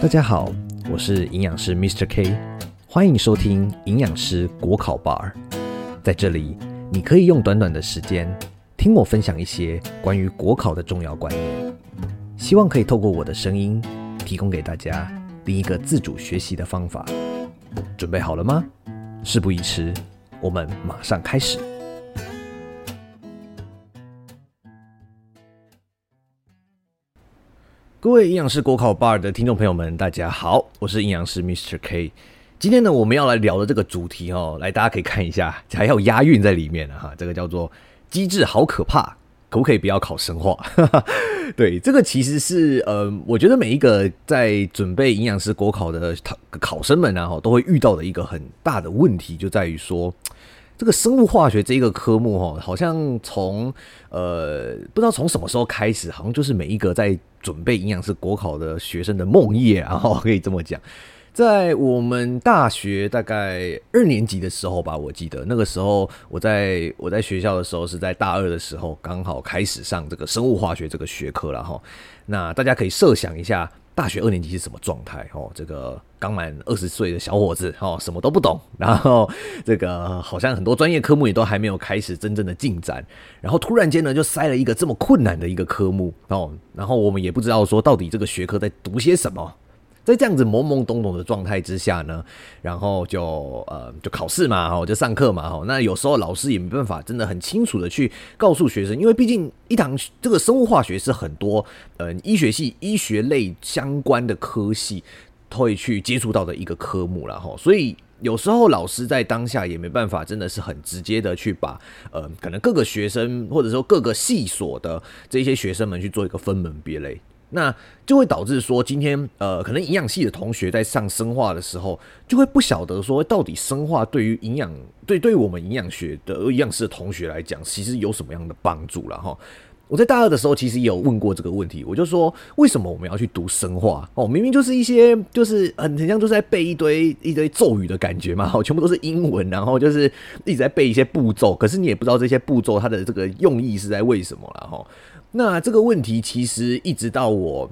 大家好，我是營養師 Mr. K，歡迎收聽營養師國考班。在這裡，你可以用短短的時間聽我分享一些關於國考的重要觀念，希望可以透過我的聲音，提供給大家另一個自主學習的方法。準備好了嗎？事不宜遲，我們馬上開始。各位營養師國考班的聽眾朋友們，大家好，我是營養師 Mr K。今天呢，我們要來聊的這個主題哦，來大家可以看一下，還有押韻在裡面了、啊、哈，這個叫做“機制好可怕”，可不可以不要考生化？ 對，這個其實是呃，我覺得每一個在準備營養師國考的考考生們呢、啊，都會遇到的一個很大的問題，就在於說，這個生物化學這一個科目哈，好像從呃不知道從什麼時候開始，好像就是每一個在準備營養師國考的學生的夢魘啊。然後可以這麼講。在我們大學大概二年級的時候吧，我記得那個時候我在我在學校的時候是在大二的時候，剛好開始上這個生物化學這個學科了哈。那大家可以設想一下。大學二年級是什麼狀態？哦，這個剛滿二十歲的小伙子，哦，什麼都不懂，然後這個好像很多專業科目也都還沒有開始真正的進展，然後突然間呢，就塞了一個這麼困難的一個科目，哦，然後我們也不知道說到底這個學科在讀些什麼。在這樣子懵懵懂懂的狀態之下呢，然後就呃就考試嘛，哈，就上課嘛，哈。那有時候老師也沒辦法，真的很清楚的去告訴學生，因為畢竟一堂這個生物化學是很多呃醫學系、醫學類相關的科系會去接觸到的一個科目啦，哈。所以有時候老師在當下也沒辦法，真的是很直接的去把呃可能各個學生或者說各個系所的這些學生們去做一個分門別類。那就會導致說，今天呃，可能營養系的同學在上生化的時候，就會不曉得說，到底生化對於營養、對、對於我們營養學的營養系的同學來講，其實有什麼樣的幫助了哈？我在大二的時候，其實也有問過這個問題，我就說，為什麼我們要去讀生化？哦，明明就是一些就是很很像，就是在背一堆一堆咒語的感覺嘛，哦，全部都是英文，然後就是一直在背一些步驟，可是你也不知道這些步驟它的這個用意是在為什麼了哈？那這個問題其實一直到我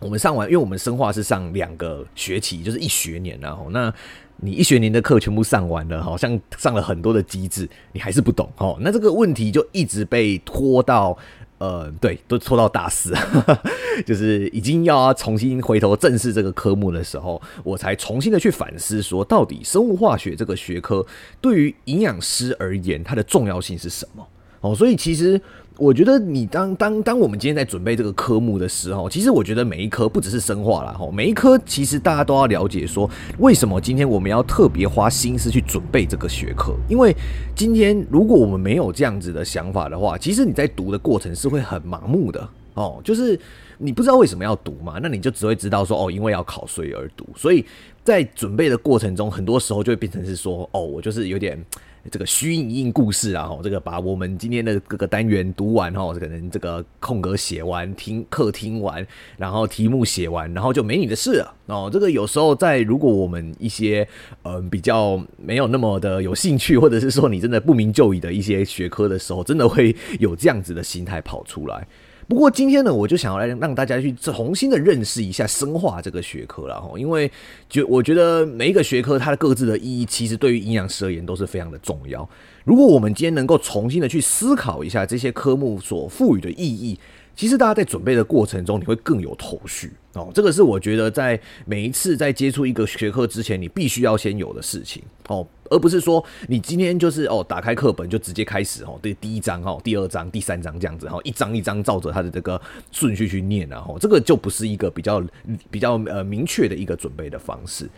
我們上完，因為我們生化是上兩個學期，就是一學年啊，然後那你一學年的課全部上完了，好像上了很多的機制，你還是不懂哦。那這個問題就一直被拖到呃，對，都拖到大四， 就是已經要重新回頭正視這個科目的時候，我才重新的去反思，說到底生物化學這個學科對於營養師而言，它的重要性是什麼哦。所以其實。我覺得你當當當我們今天在準備這個科目的時候，其實我覺得每一科不只是生化啦。每一科其實大家都要了解說，為什麼今天我們要特別花心思去準備這個學科？因為今天如果我們沒有這樣子的想法的話，其實你在讀的過程是會很盲目的哦，就是你不知道為什麼要讀嘛，那你就只會知道說哦，因為要考試而讀，所以。在準備的過程中，很多時候就會變成是說，哦，我就是有點這個虛應故事啊，吼，這個把我們今天的各個單元讀完，哦，可能這個空格寫完，聽課聽完，然後題目寫完，然後就沒你的事了，哦，這個有時候在如果我們一些嗯、呃、比較沒有那麼的有興趣，或者是說你真的不明就裡的一些學科的時候，真的會有這樣子的心態跑出來。不過今天呢，我就想要來讓大家去重新的認識一下生化這個學科了哈，因為就我覺得每一個學科它的各自的意義，其實對於營養師而言都是非常的重要。如果我們今天能夠重新的去思考一下這些科目所賦予的意義，其實大家在準備的過程中，你會更有頭緒哦。這個是我覺得在每一次在接觸一個學科之前，你必須要先有的事情哦，而不是說你今天就是哦打開課本就直接開始哦，對第一章哦、第二章、第三章這樣子哦，一章一章照着它的這個順序去念然後、啊、哦，這個就不是一個比較比較呃明確的一個準備的方式。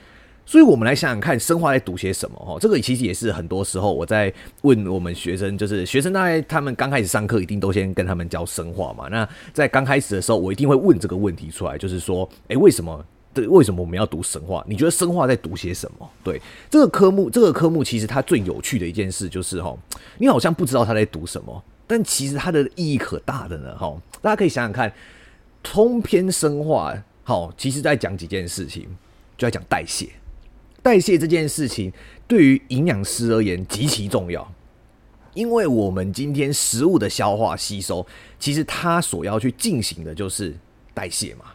所以，我們來想想看，生化在讀些什麼？哈，這個其實也是很多時候我在問我們學生，就是學生大概他們剛開始上課，一定都先跟他們教生化嘛。那在剛開始的時候，我一定會問這個問題出來，就是說，誒、欸，為什麼？對，為什麼我們要讀生化？你覺得生化在讀些什麼？對，這個科目，這個科目其實它最有趣的一件事就是哈，你好像不知道它在讀什麼，但其實它的意義可大的呢。哈，大家可以想想看，通篇生化，好，其實在講幾件事情，就在講代謝。代謝這件事情對於營養師而言極其重要，因為我們今天食物的消化吸收，其實它所要去進行的就是代謝嘛。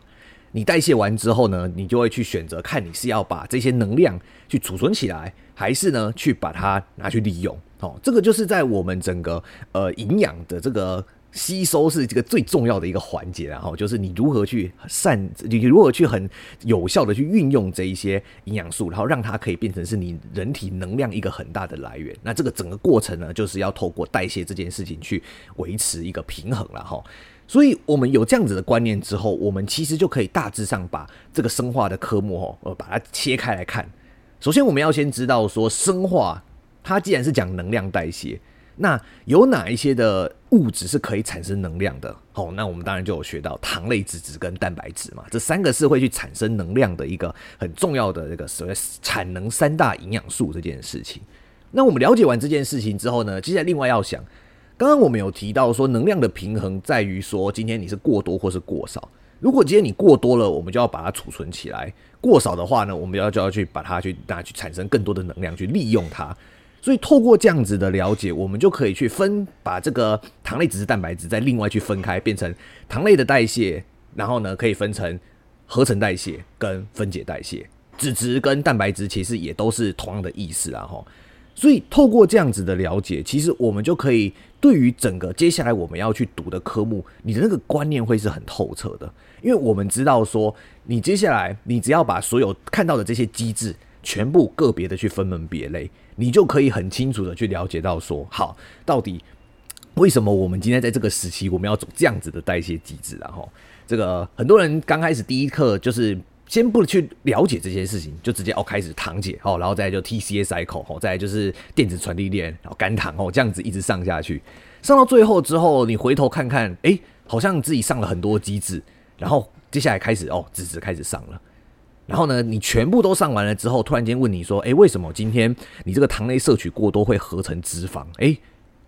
你代謝完之後呢，你就會去選擇看你是要把這些能量去儲存起來，還是呢去把它拿去利用。哦，這個就是在我們整個呃營養的這個。吸收是這個最重要的一個環節，然後就是你如何去善，你如何去很有效的去運用這一些營養素，然後讓它可以變成是你人體能量一個很大的來源。那這個整個過程呢，就是要透過代謝這件事情去維持一個平衡了哈。所以我們有這樣子的觀念之後，我們其實就可以大致上把這個生化的科目哈，呃，把它切開來看。首先，我們要先知道說，生化它既然是講能量代謝。那有哪一些的物質是可以產生能量的？好、oh，那我們當然就有學到糖類、脂質跟蛋白質嘛，這三個是會去產生能量的一個很重要的這個所謂產能三大營養素這件事情。那我們了解完這件事情之後呢，接下來另外要想，剛剛我們有提到說，能量的平衡在於說今天你是過多或是過少。如果今天你過多了，我們就要把它儲存起來；過少的話呢，我們要就要去把它去拿去產生更多的能量去利用它。所以透過這樣子的了解，我們就可以去分把這個糖類、脂質、蛋白質再另外去分開，變成糖類的代謝，然後呢可以分成合成代謝跟分解代謝。脂質跟蛋白質其實也都是同樣的意思啦，哈，所以透過這樣子的了解，其實我們就可以對於整個接下來我們要去讀的科目，你的那個觀念會是很透徹的，因為我們知道說，你接下來你只要把所有看到的這些機制，全部個別的去分門別類。你就可以很清楚的去了解到說，說好到底為什麼我們今天在這個時期我們要走這樣子的代謝機制，啊，然後這個很多人剛開始第一課就是先不去了解這些事情，就直接哦開始糖解哦，然後再來就 TCA cycle 哦，再來就是電子傳遞鏈，然後肝糖哦這樣子一直上下去，上到最後之後，你回頭看看，誒，好像自己上了很多機制，然後接下來開始哦，脂質開始上了。然後呢，你全部都上完了之後，突然間問你說，哎，為什麼今天你這個糖類攝取過多會合成脂肪？哎，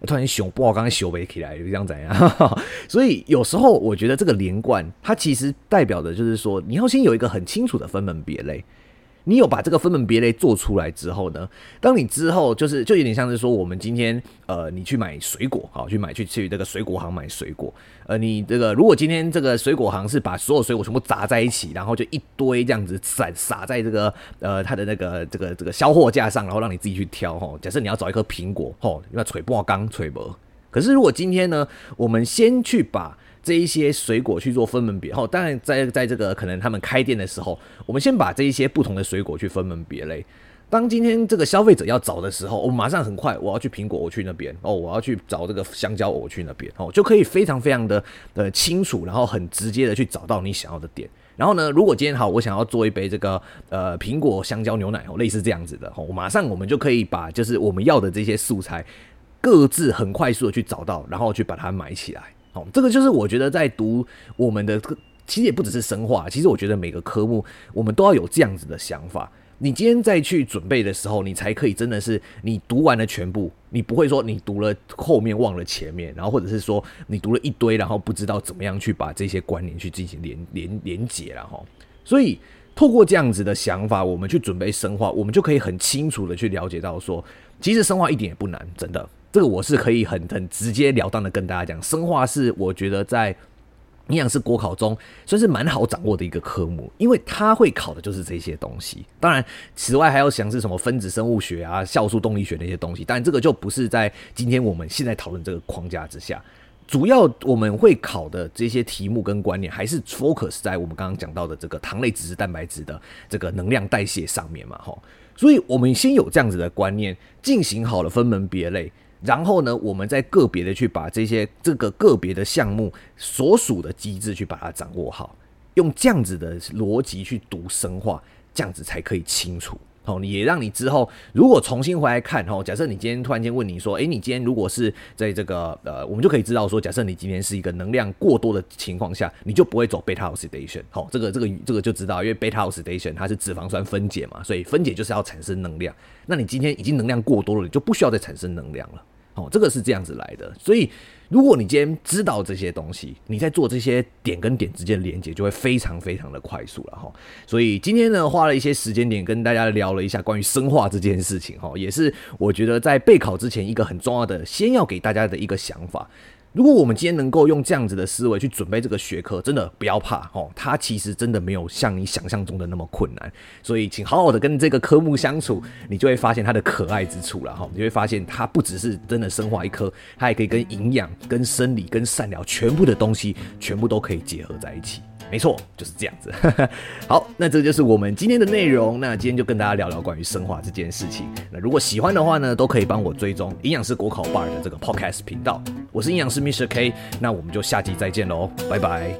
突然間熊不好，剛剛熊背起來，這樣怎樣？ 所以有時候我覺得這個連貫，它其實代表的就是說，你要先有一個很清楚的分門別類。你有把這個分門別類做出來之後呢，當你之後就是，就有點像是說，我們今天呃，你去買水果，哈，去買去去這個水果行買水果，呃，你這個如果今天這個水果行是把所有水果全部砸在一起，然後就一堆這樣子撒撒，撒在這個呃它的那個這個這個銷貨架上，然後讓你自己去挑哈。假設你要找一顆蘋果哈，哦，你要錘爆缸錘爆。可是如果今天呢，我們先去把。這一些水果去做分門別後，當然在在這個可能他們開店的時候，我們先把這一些不同的水果去分門別類。當今天這個消費者要找的時候，我，哦，馬上很快我要去蘋果，我去那邊哦，我要去找這個香蕉，我去那邊哦，就可以非常非常的呃清楚，然後很直接的去找到你想要的點。然後呢，如果今天好，我想要做一杯這個呃蘋果香蕉牛奶哦，類似這樣子的哦，我馬上我們就可以把就是我們要的這些素材各自很快速的去找到，然後去把它買起來。好，這個就是我覺得在讀我們的，其實也不只是生化，其實我覺得每個科目我們都要有這樣子的想法。你今天再去準備的時候，你才可以真的是你讀完了全部，你不會說你讀了後面忘了前面，然後或者是說你讀了一堆，然後不知道怎麼樣去把這些觀念去進行連連連接了哈。所以透過這樣子的想法，我們去準備生化，我們就可以很清楚的去了解到說，其實生化一點也不難，真的。這個我是可以很很直截了當的跟大家講，生化是我覺得在營養師國考中算是蠻好掌握的一個科目，因為它會考的就是這些東西。當然，此外還要想是什麼分子生物學啊、酵素動力學那些東西，但這個就不是在今天我們現在討論這個框架之下，主要我們會考的這些題目跟觀念，還是 focus 在我們剛剛講到的這個糖類、脂質、蛋白質的這個能量代謝上面嘛，哈。所以我們先有這樣子的觀念，進行好了分門別類。然後呢，我們再個別的去把這些這個個別的項目所屬的機制去把它掌握好，用這樣子的邏輯去讀生化，這樣子才可以清楚哦。也讓你之後如果重新回來看哦，假設你今天突然間問你說，哎，你今天如果是在這個呃，我們就可以知道說，假設你今天是一個能量過多的情況下，你就不會走 beta oxidation 好，這個，這個這個這個就知道，因為 beta oxidation 它是脂肪酸分解嘛，所以分解就是要產生能量。那你今天已經能量過多了，你就不需要再產生能量了。哦，這個是這樣子來的，所以如果你今天知道這些東西，你在做這些點跟點之間的連接，就會非常非常的快速了哈。所以今天呢，花了一些時間點跟大家聊了一下關於生化這件事情哈，也是我覺得在備考之前一個很重要的，先要給大家的一個想法。如果我們今天能夠用這樣子的思維去準備這個學科，真的不要怕哦，它其實真的沒有像你想象中的那麼困難。所以，請好好的跟這個科目相處，你就會發現它的可愛之處了哈。你就會發現，它不只是真的生化一科，它也可以跟營養、跟生理、跟膳療全部的東西，全部都可以結合在一起。沒錯，就是這樣子。 好，那這就是我們今天的內容。那今天就跟大家聊聊關於生化這件事情。那如果喜歡的話呢，都可以幫我追蹤營養師國考 Bar 的這個 Podcast 頻道。我是營養師 Mr K，那我們就下集再見嘍，拜拜。